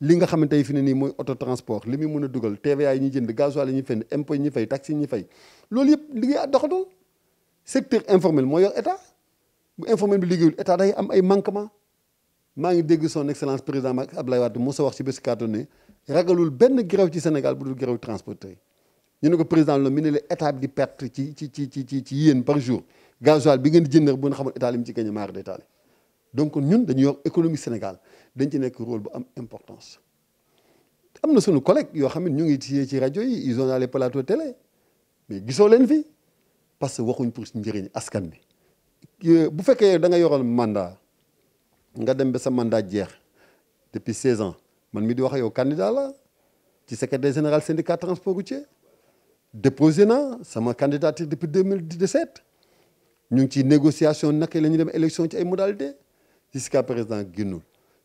li nga xamante ne fi ne nii mooy auto transport li muy mën a dugal TVA yi ñuy jënd gasoil yi ñuy fenn impôt yi ñuy fay taxi yi ñuy fay loolu yëpp liggéey doxatul secteur informel moo yor état bu informel bi liggéeyul état day am ay manquement maa ngi dégg son excellence président Macky Abdoulaye Wade moo sa wax ci bés kàddu ne ragalul benn grève ci Sénégal bu dul grève transporteur yi ñu ne ko président loolu mi ne la état di perte ci ci ci ci ci yéen par jour gasoil bi ngeen di jëndee bu ñu xamul état li mu ci gagné maar d'état donc ñun dañu yor économie Sénégal dañ ci nekk rôle bu am importance am na collègues collègue yoo xam ne ñu ngi ci ci rajo yi ils ont les plateaux télé mais gisoo leen fi parce que waxuñ pour njëriñ askan bi bu fekkee da nga yoroon mandat nga dem ba sa mandat jeex depuis 16 ans man mi di wax yow candidat la ci secrétaire général syndicat transport routier déposé naa sama candidature depuis 2017 ñu ngi ci négociation naka la ñuy dem élection ci ay modalités jusqu'à présent génnul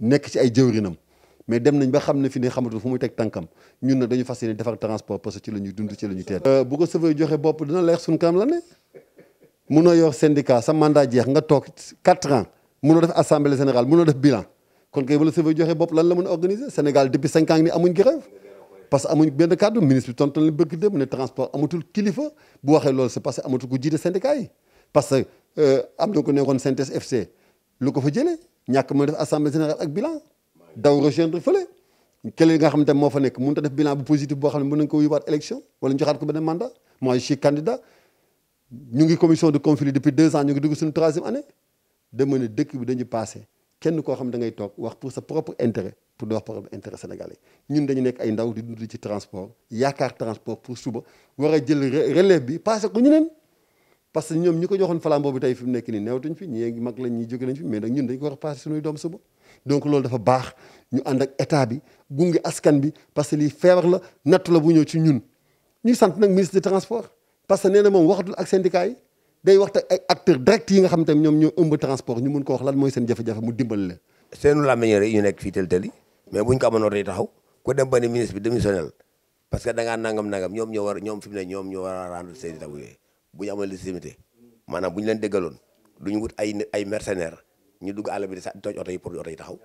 nek ci ay jëwrinam mais dem nañ ba xam fi ne xamatu fu muy teg tànkam ñun nag dañu fas défar transport parce que ci lañu dund ci lañu ñuy euh bu ko sëfay joxé bop dina leer sun kam la né munoo yor syndicat sa mandat jeex nga tok 4 ans munoo def assemblée générale munoo def bilan kon kay wala sëfay joxé bop lan la mëna organiser Sénégal depuis 5 ans ni amuñ grève parce que amuñ benn kàddu ministre bi tontu la bëgg dem né transport amatul kilifa bu waxé lool c'est parce que amatul ku jiite syndicat yi parce que euh, am na ko nekkoon synthèse FC lu ko fa jëlé ñàkk mën def assemblée générale ak bilan daw rejoindre fële keneen nga xam ne moo fa nekk mun a def bilan bu positif boo xam ne mën nañu ko yóbbuwaat élection wala ñu joxaat ko beneen mandat moi je suis candidat ñu ngi commission de conflit depuis deux ans ñu ngi dugg suñu troisième année dama ne dëkk bi dañu passé kenn koo xam ne da ngay toog wax pour sa propre intérêt pour di wax propre intérêt sénégalais ñun dañu nekk ay ndaw di dund ci transport yaakaar a jël relève bi passé ko ñu parce que ñoom ñi ko joxoon flam boobu tey fi mu nekk nii neewtuñ fi ñii mag lañ ñi jóge nañ fi mais nag ñun dañ ko war a passé suñuy doom suba donc loolu dafa baax ñu ànd ak état bi gunge askan bi parce que lii feebar la nattu la bu ñëw ci ñun ñuy sant nag ministre de transport parce que nee na moom waxatul ak syndicat yi day waxtaan ak acteur direct yi nga xam tamit ñoom ñoo ëmb transport ñu mun ko wax lan mooy seen jafe-jafe mu dimbal leen seenu làmmiñ rek ñu nekk fii tëltëli mais buñ ko amanoon day taxaw ku dem ba ministre bi démissionnel parce que da ngaa nangam nangam ñoom ñoo war ñoom fi mu ne ñoom ñoo war rendre seen taw bu ñu amoon légitimité maanaam bu ñu leen déggaloon du ñu wut ay ay mercenaires ñu dugg àll bi di sa toj oto yi pour oto yi taxaw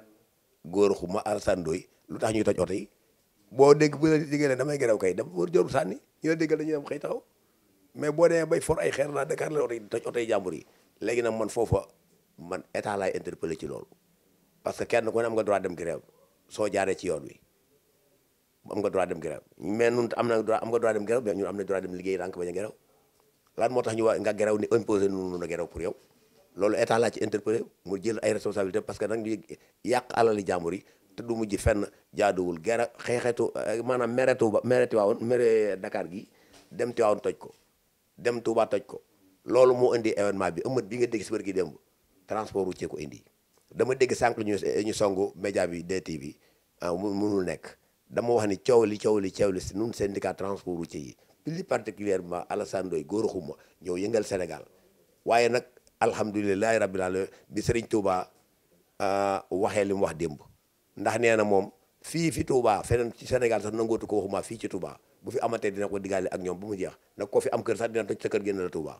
góor xuma Alassane lu tax ñuy toj oto yi boo dégg bu la déggee ne damay gërëw kay dama war jor sànni ñu la déggal dañuy dem xëy taxaw boo demee bay for ay xeer naa Dakar la oto yi toj oto jàmbur yi léegi nag man foofa man état laay interpellé ci loolu parce que kenn koo ne am nga droit dem grève soo jaaree ci yoon wi am nga droit dem grève mais nun am na am nga droit dem grève mais ñun am na droit dem liggéey rànk bañ a grève lan moo tax ñu waa nga geraw ni imposé nu na geraw pour yow loolu état laa ci interpellé mu jël ay responsabilité parce que nag ñu yàq alali jàmbur yi te du mujj fenn jaaduwul gera xeexetu eh, maanaam meretu ba mere Tiwaawoon mere Dakar gi dem Tiwaawoon toj ko dem Touba toj ko loolu moo indi événement bi ëmmat bi nga dégg si bër gi démb transport ci ko indi dama dégg sànq ñu eh, ñu songu média bi DTV ah, mu munul nekk dama wax ni coow li coow li coow li si ñun syndicat transport routier yi plus particulièrement Alassane Ndoye góor xuma ñëw yëngal Sénégal waaye nag alhamdulilahi rabbil alamin bi Serigne Touba euh, waxee li mu wax démb ndax nee na moom fii fi Touba feneen ci Sénégal sax nangootu ko waxuma fii ci Touba bu fi amatee dina ko digaale ak ñoom bu mu jeex nag ko fi am kër sax dina toj kër génn la Touba